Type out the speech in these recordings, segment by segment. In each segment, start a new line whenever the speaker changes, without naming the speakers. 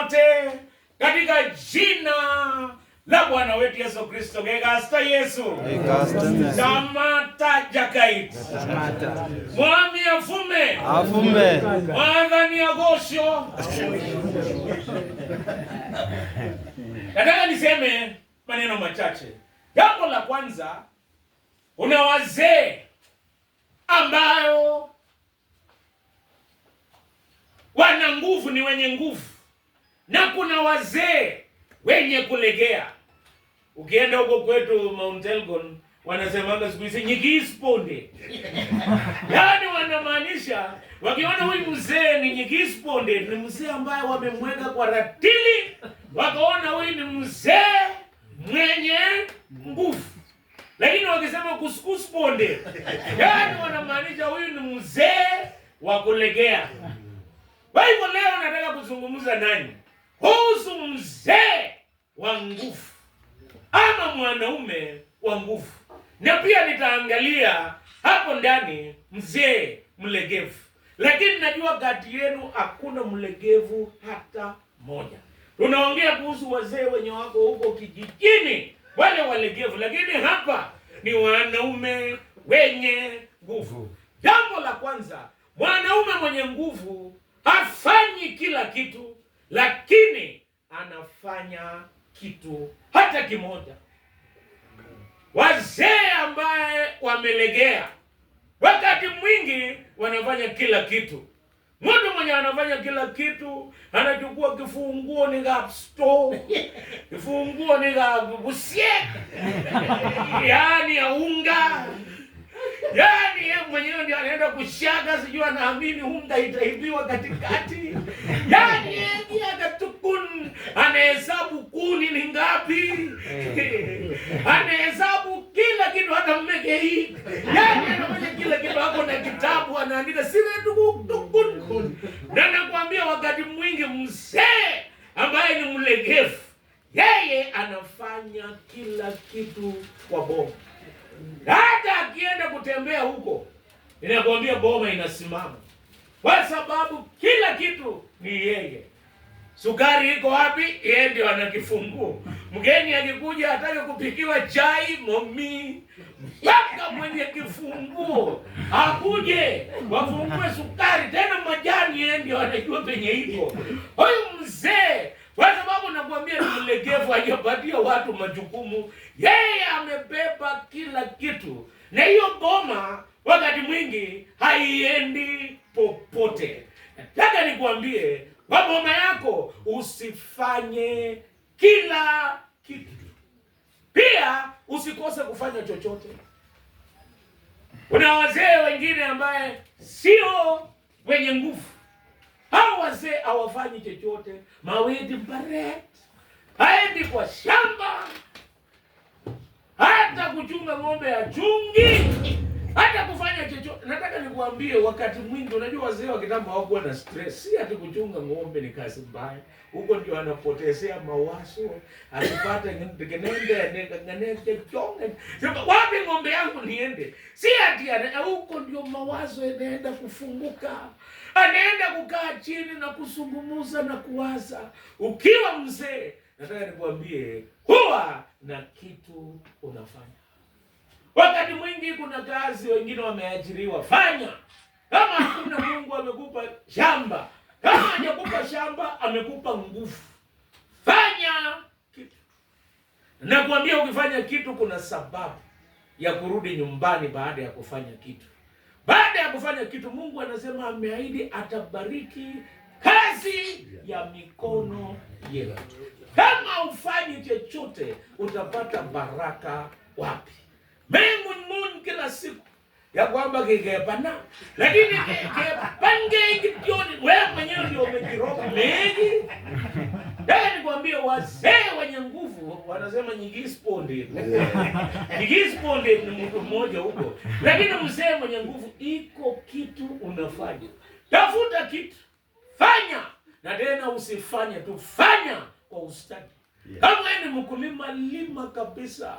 yote katika jina la Bwana wetu Yesu Kristo gekasta Yesu tamata jakait mwami afume
afume
mwadhani agosho nataka niseme maneno machache. Jambo la kwanza, kuna wazee ambayo wana nguvu, ni wenye nguvu na kuna wazee wenye kulegea. Ukienda huko kwetu Mount Elgon wanasemanga siku hizi Nyigis yaani wanamaanisha wakiona huyu mzee ni Nyigis Ponde, ni mzee ambaye wamemweka kwa ratili, wakaona huyu ni mzee mwenye nguvu. Lakini wakisema Kuskus Ponde, yaani wanamaanisha huyu ni mzee wa kulegea. Kwa hivyo leo nataka kuzungumza nani? huzu mzee wa nguvu ama mwanaume wa nguvu, na pia nitaangalia hapo ndani mzee mlegevu, lakini najua kati yenu hakuna mlegevu hata moja. Tunaongea kuhusu wazee wenye wako huko kijijini, wale walegevu, lakini hapa ni wanaume wenye nguvu. Jambo la kwanza, mwanaume mwenye nguvu hafanyi kila kitu lakini anafanya kitu hata kimoja. Wazee ambaye wamelegea, wakati mwingi wanafanya kila kitu. Mtu mwenye anafanya kila kitu, anachukua kifunguo ni ga store, kifunguo ni ga busie, yaani ya unga Yaani yeye mwenyewe ndiye anaenda kushaga, sijui anaamini humda itaibiwa katikati. Yaani yeye akatukun anahesabu kuni ni ngapi? Eh. Anahesabu kila kitu hata mmeke hii. Yaani anafanya kila kitu hapo na kitabu anaandika sile tukun Na nakwambia wakati mwingi mzee ambaye ni mlegefu yeye anafanya kila kitu kwa bomu. Hata akienda kutembea huko, inakwambia boma inasimama, kwa sababu kila kitu ni yeye. Sukari iko wapi? Yeye ndio anakifungua. kifunguo. Mgeni akikuja atake kupikiwa chai, momi mpaka mwenye kifunguo akuje wafungue sukari, tena majani, yeye ndio anajua penye iko. Huyu mzee kwa sababu nakwambia ni mlegevu, ajapatia watu majukumu. Yeye amebeba kila kitu, na hiyo boma wakati mwingi haiendi popote. Nataka nikwambie kwa boma yako usifanye kila kitu, pia usikose kufanya chochote. Kuna wazee wengine ambaye sio wenye nguvu wazee hawafanyi chochote, mawedi mbaret haendi kwa shamba, hata kuchunga ng'ombe ya chungi, hata kufanya chochote. Nataka nikuambie, wakati mwingi, unajua wazee wa kitambo hawakuwa na stress, si ati kuchunga ng'ombe ni kazi mbaya. Huko ndio anapotezea mawazo, asipate ngenengenegenegeonge sema wapi ng'ombe yangu niende, si ati huko ndio mawazo yanaenda kufunguka anaenda kukaa chini na kuzungumza na kuwaza. Ukiwa mzee, nataka nikuambie huwa na kitu unafanya. Wakati mwingi kuna kazi wengine wameajiriwa, fanya. Kama hakuna Mungu amekupa shamba, kama hajakupa shamba, amekupa nguvu, fanya kitu. kuambia ukifanya kitu kuna sababu ya kurudi nyumbani baada ya kufanya kitu. Baada ya kufanya kitu, Mungu anasema ameahidi atabariki kazi ya mikono yetu. Kama ufanye chochote, utapata baraka wapi? memunmun kila siku ya kwamba kigepana lakini kepange ingitioni, wewe mwenyewe ndio umejiroga mengi Nataka nikwambie wazee wenye nguvu wanasema nyigisponde. Nyigisponde ni mtu mmoja huko. Lakini mzee mwenye nguvu iko kitu unafanya. Tafuta kitu. Fanya. Na tena usifanye tu, fanya kwa ustadi. Kama wewe ni mkulima, lima kabisa.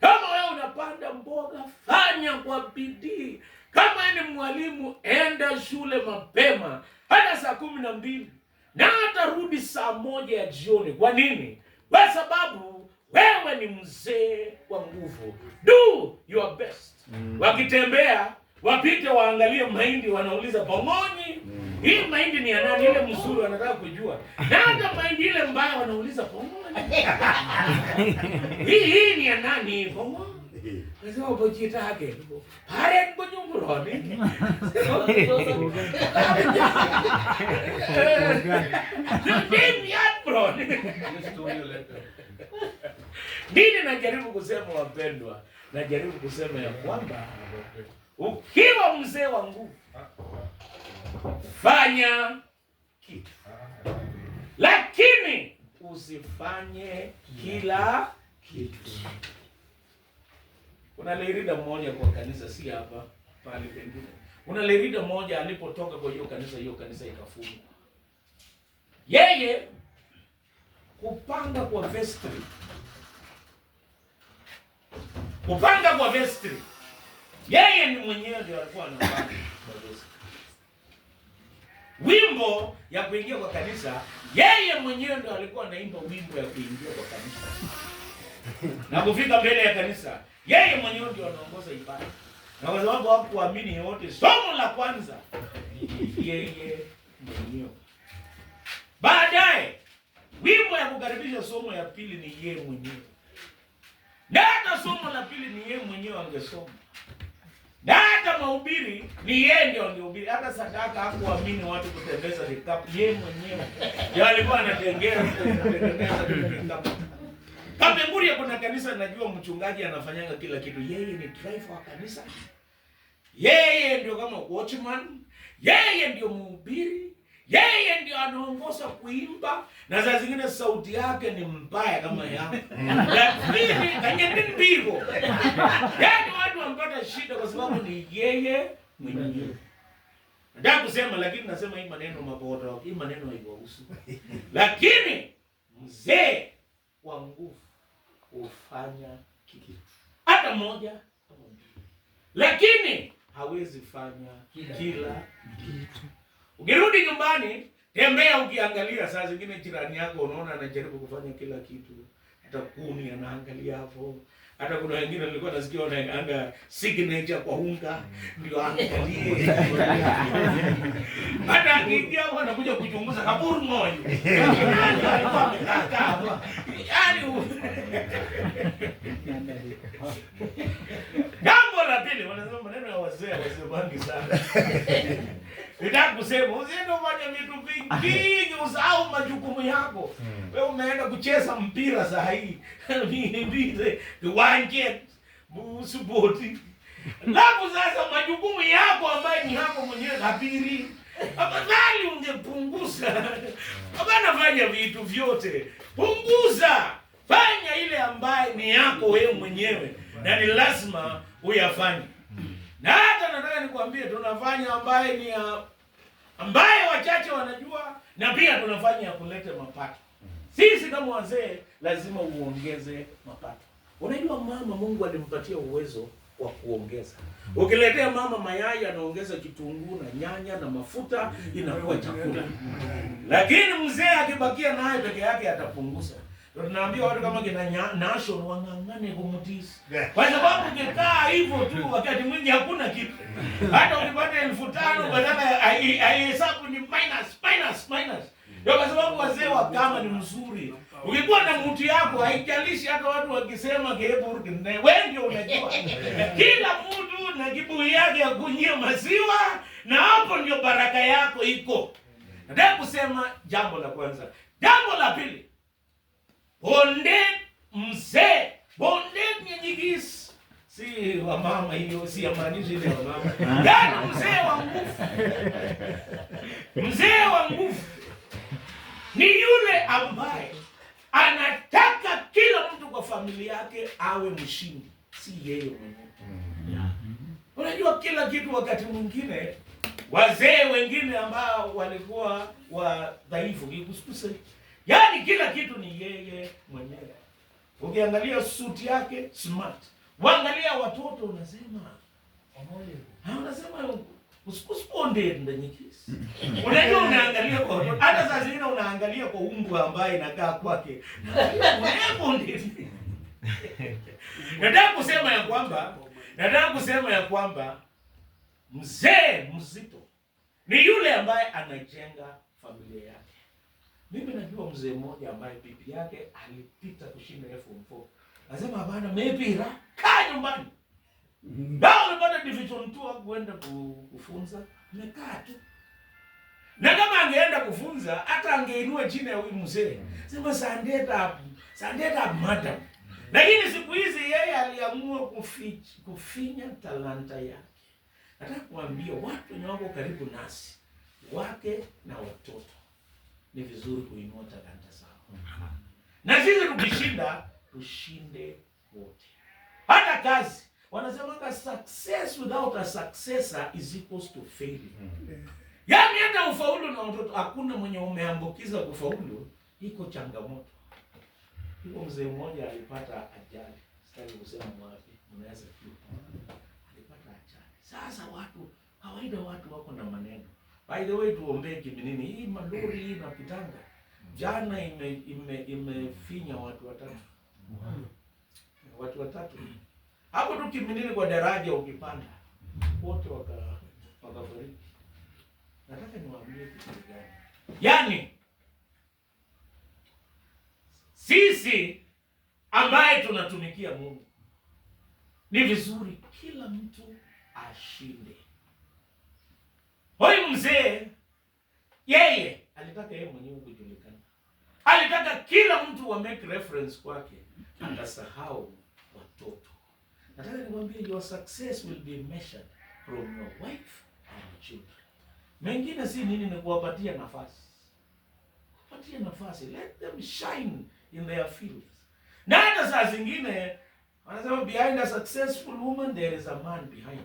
Kama wewe unapanda mboga, fanya kwa bidii. Kama wewe ni mwalimu, enda shule mapema hata saa kumi na mbili na atarudi saa moja ya jioni. Kwa nini? Kwa sababu wewe ni mzee wa nguvu. Do your best. Mm. Wakitembea wapite waangalie mahindi, wanauliza pomoni, mm. hii mahindi ni ya nani? Ile mzuri wanataka kujua, na hata mahindi ile mbaya wanauliza pomoni, hii hii ni ya nani? 그래서 아버지가 Nini najaribu kusema wapendwa, najaribu kusema ya kwamba ukiwa mzee wa nguvu, fanya kitu, lakini usifanye kila kitu. Kuna lerida mmoja kwa kanisa, si hapa, pale pengine. Kuna lerida mmoja alipotoka kwa hiyo kanisa, hiyo kanisa ikafungwa. Yeye kupanga kwa vestry, kupanga kwa vestry, yeye ni mwenyewe ndio alikuwa anapanga kwa vestry. Wimbo ya kuingia kwa kanisa, yeye mwenyewe ndio alikuwa anaimba wimbo ya kuingia kwa kanisa na kufika mbele ya kanisa yeye mwenyewe ndio anaongoza ibada, na kwa sababu hakuamini yote, somo la kwanza yeye mwenyewe. Baadaye wimbo ya kukaribisha somo ya pili ni yeye mwenyewe, na hata somo la pili ni yeye mwenyewe angesoma, na hata mahubiri ni yeye ndio angehubiri. Hata sadaka hakuamini watu kutembeza vikapu, yeye mwenyewe ndio alikuwa anatengeza Kapenguria kuna kanisa najua mchungaji anafanyanga kila kitu. Yeye ni driver wa kanisa. Yeye ndio kama watchman, yeye ndio mhubiri, yeye ndio anaongoza kuimba na saa zingine sauti yake ni mbaya kama ya Lakini kanyeni mbigo. Yaani watu wampata shida kwa sababu ni yeye mwenyewe. Nataka kusema lakini nasema hii maneno maboto, hii maneno haiwahusu. Lakini mzee fanya kitu hata moja ama mbili, lakini hawezi fanya kila kitu. Ukirudi nyumbani, tembea ukiangalia, saa zingine jirani yako unaona anajaribu kufanya kila kitu, hata kuni anaangalia hapo hata kuna wengine nilikuwa nasikia wanaekaanga signature kwa unga mm. ndio angalie. Hata akiingia hapo anakuja kuchunguza kaburi moja, yaani jambo la pili, wanasema maneno ya wazee, wazee wangi sana Nitaka kusema usiende ufanye vitu vingi usahau majukumu yako. Hmm. Wewe umeenda kucheza mpira saa hii. Vile uwanje usipoti. Lafu sasa majukumu yako ambayo ni yako mwenyewe kabiri. Afadhali ungepunguza. Hmm. Hapana, nafanya vitu vyote. Punguza. Fanya ile ambayo ni yako wewe mwenyewe na ni lazima uyafanye. Na hata nataka nikwambie tunafanya ambaye ni ya ambaye wachache wanajua na pia tunafanya ya kuleta mapato. Sisi kama wazee lazima uongeze mapato. Unajua mama, Mungu alimpatia uwezo wa kuongeza. Ukiletea mama mayai, anaongeza kitunguu na nyanya na mafuta, inakuwa chakula. Lakini mzee akibakia naye peke yake atapunguza tunaambia watu kama kina Nashon wang'ang'ane kumtisi, kwa sababu ukikaa hivyo tu wakati mwingi hakuna kitu. Hata ulipata elfu tano badala hesabu ni minus minus minus, ndio kwa sababu wazee wa kama ni mzuri. Ukikuwa na mtu yako haijalishi hata watu wakisema keburgi, wewe ndio unajua kila mtu na kiburi yake ya kunyia maziwa, na hapo ndio baraka yako iko. Nataka kusema jambo la kwanza, jambo la pili Bonde mzee, bonde mnyanyigisi. Si wa mama hiyo, si amaanishi ile wa mama. Ah. Yaani mzee wa nguvu. Mzee wa nguvu ni yule ambaye anataka kila mtu kwa familia yake awe mshindi, si yeye mwenyewe. Yeah. Mm-hmm. Unajua kila kitu, wakati mwingine wazee wengine ambao walikuwa wadhaifu, kikusikusa Yaani kila kitu ni yeye mwenyewe. Ukiangalia suti yake smart, waangalia watoto unasema ha, ah, unasema usiponde ndani kisi. Unajua, unaangalia kwa hata saa zingine unaangalia kwa umbwa ambaye inakaa kwake, unaponde. Nataka kusema ya kwamba, nataka kusema ya kwamba mzee mzito ni yule ambaye anajenga familia yake. Mimi najua mzee mmoja ambaye bibi yake alipita kushinda form 4. Anasema hapana, mepira kaa nyumbani. Ndio alipata division 2 kuenda kufunza, nikaa tu. Na kama angeenda kufunza hata angeinua jina ya huyu mzee. Sema sandeta hapo. sandeta up madam. Lakini siku hizi yeye aliamua kuficha kufinya talanta yake. Nataka kuambia watu wenye wako karibu nasi, wake na watoto ni vizuri kuinua talanta zako, na sisi tukishinda tushinde wote, hata kazi. Wanasemanga success without a successor is equals to failure. mm -hmm. Yaani hata ufaulu na mtoto, hakuna mwenye umeambukiza kufaulu, iko changamoto. Iko mzee mmoja alipata ajali, sitaki kusema wapi, unaweza kujua. Alipata ajali. Sasa watu kawaida, watu wako na maneno By the way, tuombee Kiminini. Hii malori hii inapitanga jana, imefinya ime, ime watu watatu mm watu watatu hapo tu Kiminini kwa daraja ukipanda, wote wakafariki. Nataka niwaambie kitu gani? Yaani sisi ambaye tunatumikia Mungu ni vizuri kila mtu ashinde Huyu mzee yeye alitaka yeye mwenyewe kujulikana, alitaka kila mtu wa make reference kwake, akasahau watoto. Nataka nikwambie, your success will be measured from your wife and your children. Mengine si nini, ni kuwapatia nafasi, kuwapatia nafasi, let them shine in their fields. Na hata saa zingine wanasema behind a successful woman there is a man behind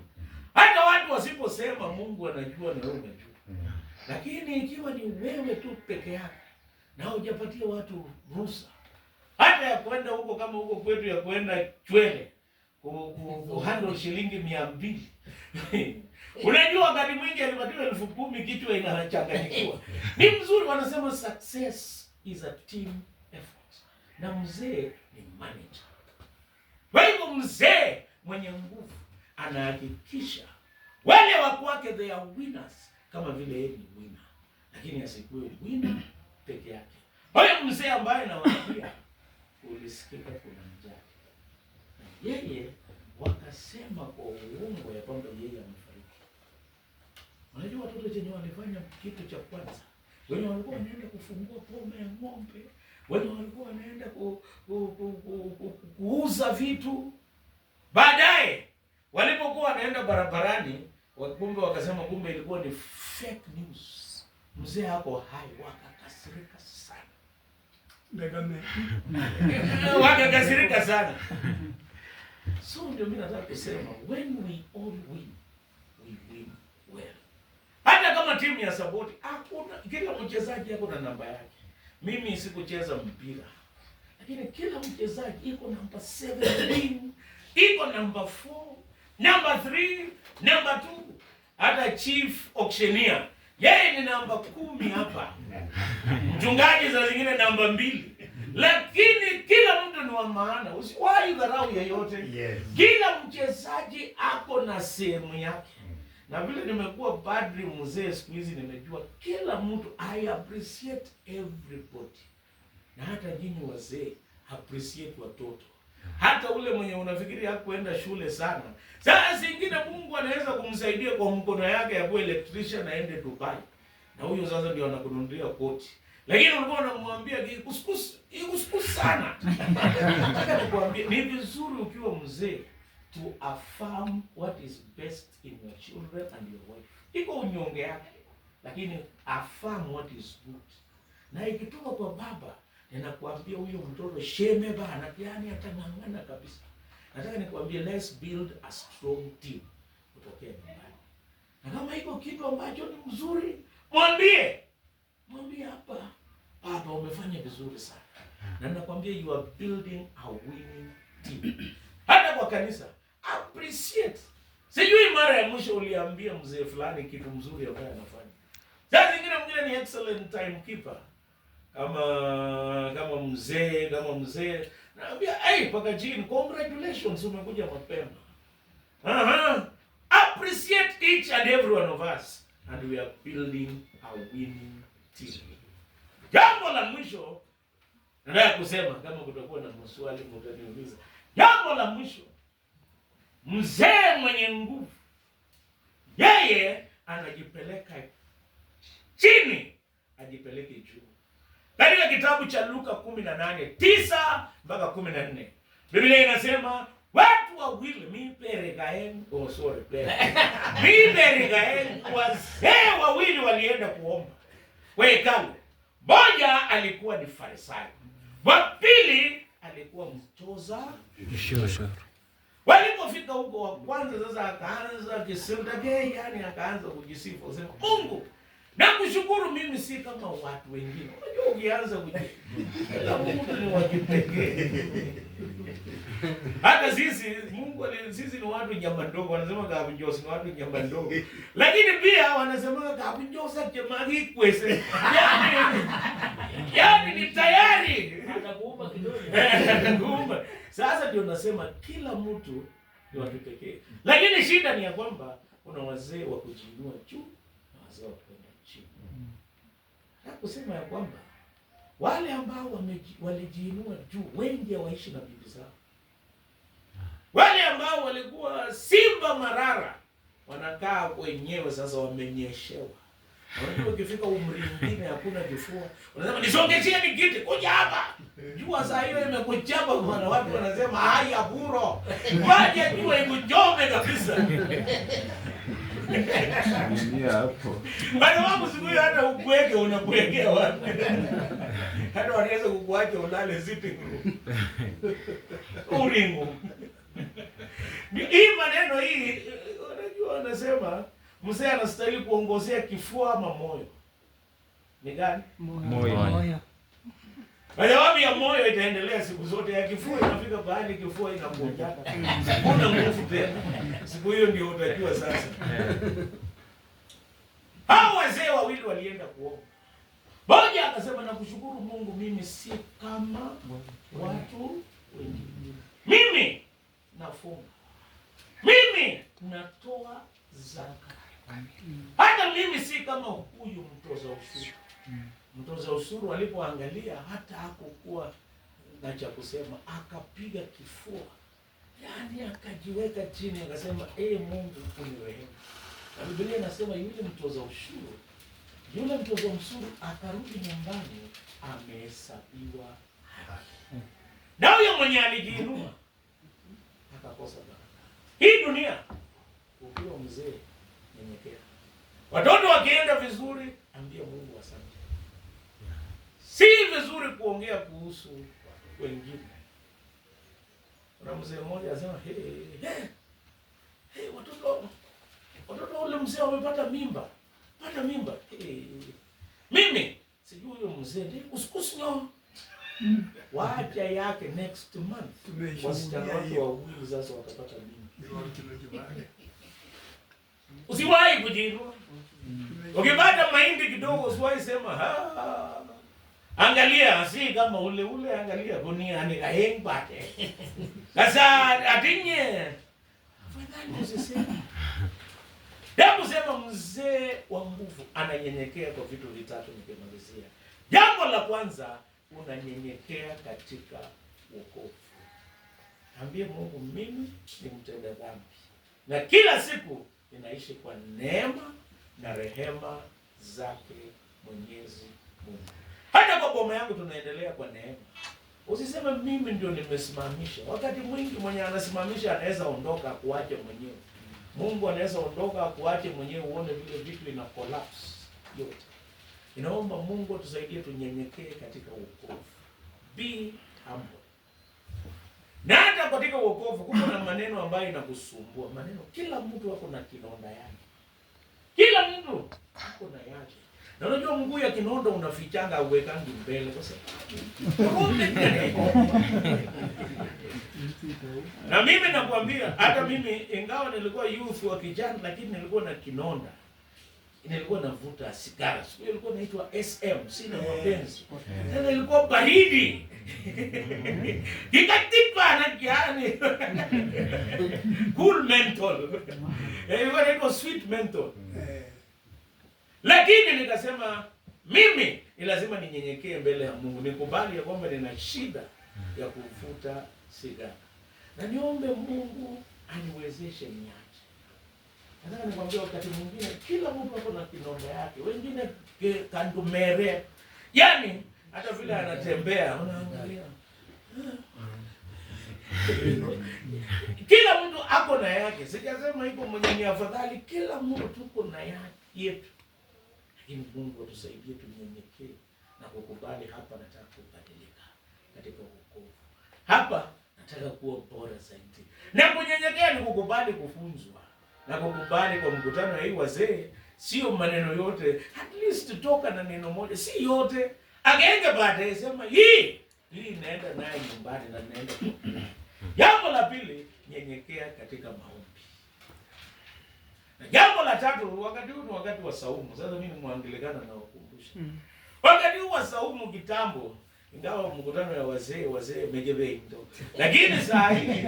hata watu wasiposema, Mungu anajua na wewe unajua. Lakini ikiwa ni wewe tu peke yako na hujapatia watu ruhusa hata ya kwenda huko kama huko kwetu ya kwenda Chwele kuhandle shilingi mia mbili unajua, wakati mwingi alipatiwa elfu kumi kichwa inachanganyikiwa. Ni mzuri, wanasema success is a team effort, na mzee ni manager. Kwa hivyo mzee mwenye nguvu anahakikisha wale wa kwake they are winners, kama vile yeye ni winner, lakini asikuwe winner peke yake. Huyo mzee ambaye nawaambia ulisikika kuna njaa, na yeye wakasema kwa uongo ya kwamba yeye amefariki. Unajua watoto chenye walifanya kitu cha kwanza, wenye walikuwa wanaenda kufungua pome ya ng'ombe, wenye walikuwa wanaenda ku, ku, ku, ku, ku, kuuza vitu baadaye Walipokuwa wanaenda barabarani, wakumbe wakasema kumbe ilikuwa ni fake news. Mzee hapo hai wakakasirika sana. wakakasirika sana. So ndio mimi nataka kusema when we all win, we win well. Hata kama timu ya support hakuna kila mchezaji ako na namba yake. Mimi sikucheza mpira. Lakini kila mchezaji iko namba 7 win iko namba 4 number three, number two, hata chief auctioneer yeye ni namba kumi hapa, mchungaji za zingine namba mbili, lakini kila mtu ni wa maana. Usiwahi dharau yeyote. Yes. Kila mchezaji ako na sehemu yake na vile nimekuwa badri mzee siku hizi nimejua kila mtu, I appreciate everybody, na hata nyinyi wazee appreciate watoto hata ule mwenye unafikiri hakuenda shule sana. Saa zingine Mungu anaweza kumsaidia kwa mkono yake ya kuwa electrician aende Dubai, na huyo sasa ndio anakununulia koti, lakini ulikuwa unamwambia ikusukusu sana. Nataka nikwambie ni vizuri ukiwa mzee to affirm what is best in your children and your wife. Iko unyonge yake, lakini affirm what is good, na ikitoka kwa baba Ninakwambia huyo mtoto sheme bana, yani atang'ang'ana kabisa. Nataka nikwambie let's build a strong team kutokea nyumbani. Na kama iko kitu ambacho ni mzuri, mwambie. Mwambie hapa, baba umefanya vizuri sana. Na ninakwambia you are building a winning team. Hata kwa kanisa, appreciate. Sijui mara ya mwisho uliambia mzee fulani kitu mzuri ambaye anafanya. Sasa nyingine mwingine ni excellent timekeeper kama kama mzee kama mzee, naambia hey, paka chini, congratulations, umekuja mapema. Aha, appreciate each and every one of us and we are building a winning team. Jambo la mwisho nataka kusema, kama kutakuwa na maswali mtaniuliza. Jambo la mwisho, mzee mwenye nguvu yeye anajipeleka chini, ajipeleke juu. Katika kitabu cha Luka 18:9 mpaka 14. Biblia inasema watu wawili miperegaen oh sorry miperegaen wazee wawili walienda kuomba wekalu. Mmoja alikuwa ni Farisayo, wa pili alikuwa mtoza ushuru. Walipofika huko, wa kwanza sasa akaanza kisimtage, yani akaanza kujisifu, sema Mungu na kushukuru, mimi si kama watu wengine. Unajua, ukianza kujila Mungu ni wa kipekee. Hata sisi Mungu sisi ni watu nyama ndogo, wanasema kama kavinjosi ni watu nyama ndogo, lakini pia wanasema kama kavinjosa chemagi kwese, yaani yaani ni tayari
atakuumba kidogo,
atakuumba. Sasa ndio nasema kila mtu ni wa kipekee, lakini shida ni ya kwamba kuna wazee wa kujinua juu na wazee wa kupenda na kusema ya kwamba wale ambao walijiinua juu wengi hawaishi na bibi zao. Wale ambao walikuwa simba marara wanakaa wenyewe sasa, wamenyeshewa. Unajua, ukifika umri mwingine hakuna kifua, unasema ni kiti, kuja hapa. Jua saa hiyo imekuchapa bwana, watu wanasema haya buro, waje jua ikuchome kabisa Ingia hapo. Bado wapo siku hata ukweke unakuwekea wapi? Hata wanaweza kukuacha ulale sitting room. Uringo. Hii maneno hii unajua wanasema mzee anastahili kuongozea kifua ama moyo. Ni gani? Moyo. Moyo. Adhabu ya moyo itaendelea siku zote, ya kifua inafika pahali kifua inakuondoka, Kuna nguvu tena. Siku hiyo ndio utajua sasa. Hao wazee wawili walienda kuomba, mmoja akasema, kushukuru Mungu, mimi si kama watu wengine, mimi nafunga, mimi natoa zaka, hata mimi si kama huyu mtoza ushuru Mtoza ushuru alipoangalia hata hakukuwa na cha kusema, akapiga kifua, yaani akajiweka chini, akasema ee, Mungu unirehemu. Na Biblia inasema yule mtoza ushuru yule mtoza ushuru akarudi nyumbani amehesabiwa haki, na huyo mwenye alijiinua akakosa baraka. Hii dunia ukiwa mzee, nyenyekea. Watoto wakienda vizuri ambia Mungu asante. Si vizuri kuongea kuhusu wengine. Kuna mzee mmoja anasema hey, hey, hey, watoto watoto ule mzee wamepata mimba, pata mimba hey. Mimi sijui huyo mzee ndiye kusikusnyo wacha yake next month, wasichana wake wawili sasa wakapata mimba. Usiwahi kujirua Ukipata mahindi kidogo usiwahi sema ha. Angalia si kama ule ule, angalia gunia ni kaeng Sasa atinye. Afadhali Hebu sema mzee wa nguvu ananyenyekea kwa vitu vitatu nikimalizia. Jambo la kwanza unanyenyekea katika wokovu. Ambie Mungu mimi ni mtenda dhambi. Na kila siku ninaishi kwa neema na rehema zake Mwenyezi Mungu. Hata kwa boma yangu tunaendelea kwa neema. Usiseme mimi ndio nimesimamisha. Wakati mwingi mwenye anasimamisha anaweza ondoka akuache mwenyewe. Mungu anaweza ondoka akuache mwenyewe, uone vile vitu ina collapse yote. Inaomba Mungu atusaidie tunyenyekee katika wokovu. Be humble. Na hata katika wokovu kuna maneno ambayo inakusumbua. Maneno kila mtu ako na kidonda yake kando ako na yake. Na unajua mguu ya kinondo unafichanga uwekangi mbele kwa sababu. na mimi nakwambia hata mimi ingawa nilikuwa youth wa kijana lakini nilikuwa na kinonda. Nilikuwa navuta sigara. Siku hiyo ilikuwa inaitwa SM, sina wapenzi. Eh, Tena ilikuwa baridi. Nikatipa na kiani. cool menthol. Eh, ilikuwa inaitwa sweet menthol. Eh lakini nikasema mimi ni lazima ninyenyekee mbele ya Mungu, nikubali ya kwamba nina shida ya kuvuta sigara na niombe Mungu aniwezeshe niache. Nataka nikwambia, wakati mwingine kila mtu ako na kinonda yake, wengine kandumere, yaani hata vile anatembea unaangalia kila mtu ako na yake. Sijasema iko mwenye ni afadhali, kila mtu tuko na yake yetu lakini Mungu atusaidie tunyenyekee na kukubali, hapa nataka kubadilika katika wokovu, hapa nataka kuwa bora zaidi. Na kunyenyekea ni kukubali kufunzwa na kukubali kwa mkutano hii. Wazee, sio maneno yote, at least toka na neno moja, si yote agenge, baadaye sema hii hii inaenda naye nyumbani na naenda. Jambo la pili, nyenyekea katika maombi. Na jambo la tatu, wakati huu ni wakati wa saumu. Sasa mimi mwangelikana na wakumbusha. Mm. Wakati huu wa saumu kitambo, ingawa mkutano ya wazee wazee mejebei ndo. Lakini saa hii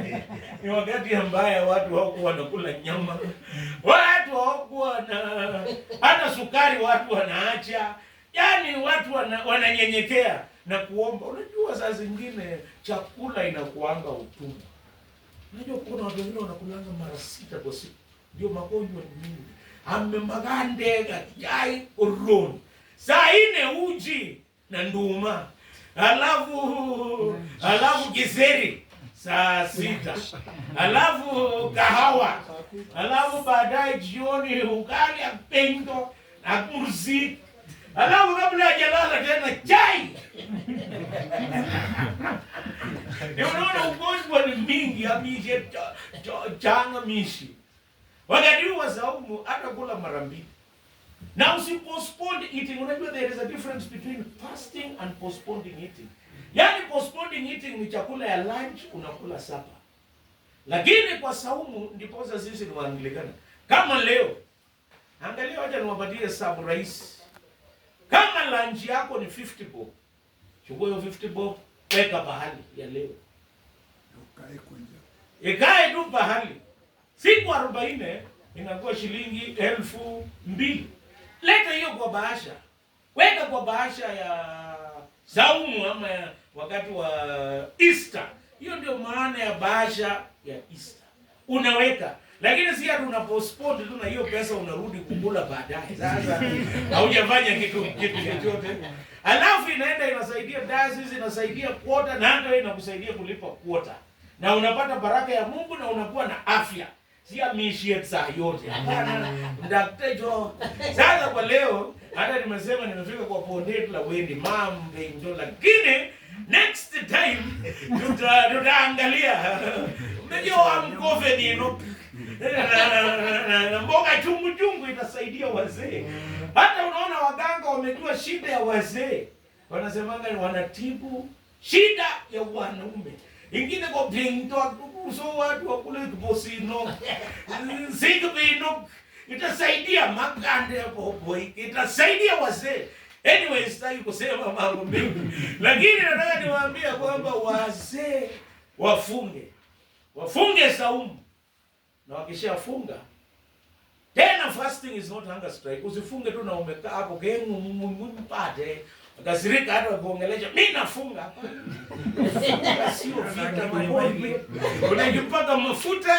ni wakati ambaye watu hawakuwa wanakula nyama. Watu hawakuwa na hata sukari watu wanaacha. Yaani watu wananyenyekea wana, na kuomba. Unajua saa zingine chakula inakuanga utumwa. Unajua kuna watu wengine wanakulanga mara sita kwa siku ndio magonjwa ni mingi amemagandega kijai uruni saa ine uji na nduma alafu alafu kiseri saa sita alafu kahawa alafu baadaye jioni ugali apendo akursi alafu kabla ajalala tena chai unaona ugonjwa ni mingi amishe changa mishi Wakati huu wasaumu hata kula mara mbili. Na usipostpone eating, unajua there is a difference between fasting and postponing eating. Yaani postponing eating ni chakula ya lunch unakula sapa. Lakini kwa saumu ndipo sasa sisi ni Waanglikana. Kama leo angalia, wacha niwapatie sabu rais. Kama lunch yako ni 50 bob, chukua hiyo 50 bob weka bahali ya leo. Ikae tu bahali siku arobaini inakuwa shilingi elfu mbili. Leta hiyo kwa bahasha, weka kwa bahasha ya saumu ama ya wakati wa Easter. Hiyo ndio maana ya bahasha ya Easter, unaweka lakini si hata unapostport tu na hiyo pesa unarudi kukula baadaye. Sasa haujafanya kitu kitu chochote, alafu inaenda inasaidia diocese, inasaidia kuota na hata inakusaidia kulipa kuota, na unapata baraka ya Mungu na unakuwa na afya siamishi saa yote hapana, mdakutejo sasa. Kwa leo hata nimesema nimefika kwa pondetu la wendi mambe njo, lakini next time tuta tutaangalia mjua mkofe nino mboga chungu chungu itasaidia wazee. Hata unaona waganga wamejua shida ya wazee, wanasemanga wanatibu shida ya wanaume ingine kophinto kuso watu wakule kiposino zikipindu itasaidia makande yapopoi itasaidia wazee anyway sitaki kusema mambo mengi lakini nataka niwaambie kwamba waze wafunge wafunge saumu na wakishafunga tena fasting is not hunger strike usifunge tu na umekaa hapo kengu mpate Akasirika hata kuongelesha mimi nafunga hapa. Sio vita mabonge. Unajipaka mafuta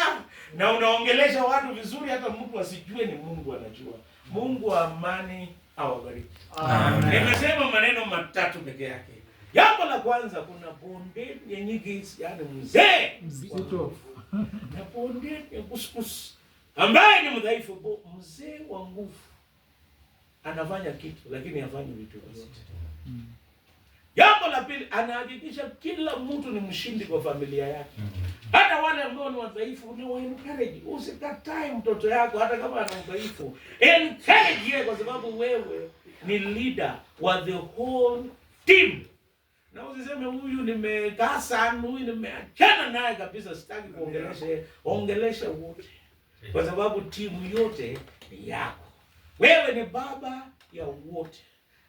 na unaongelesha watu vizuri hata mtu asijue ni Mungu anajua. Mungu wa amani awabariki. Amen. Nimesema maneno matatu peke yake. Jambo la kwanza kuna bonde yenye nyingi yani mzee mzito. Na bonde ya kuskus. Ambaye ni mdhaifu mzee wa nguvu. Anafanya kitu lakini hafanyi vitu vyote. Hmm. Jambo la pili, anahakikisha kila mtu ni mshindi kwa familia yake, hmm. hata wale ambao ni wadhaifu ni wa encourage. Usikatae mtoto yako hata kama ana udhaifu, encourage yeye, kwa sababu wewe ni leader wa the whole team, na usiseme huyu nimekaa sana, huyu nimeachana naye kabisa, sitaki kuongelesha. Ongelesha wote, kwa sababu timu yote ni yako. Wewe ni baba ya wote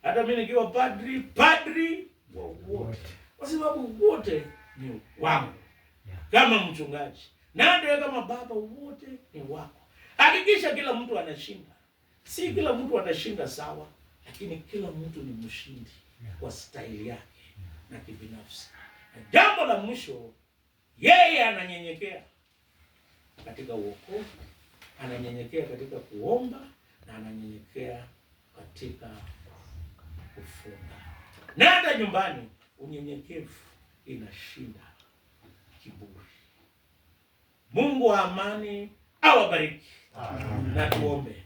hata mimi nikiwa padri, padri wa wote, kwa sababu wote ni wangu kama mchungaji, na ndio kama baba, wote ni wako. Hakikisha kila mtu anashinda. Si kila mtu anashinda sawa, lakini kila mtu ni mshindi kwa staili yake na kibinafsi. Na jambo la mwisho, yeye ananyenyekea katika uokovu, ananyenyekea katika kuomba na ananyenyekea katika kufunga. Nenda nyumbani, unyenyekevu inashinda kiburi. Mungu wa amani awabariki. Amen. Na tuombe.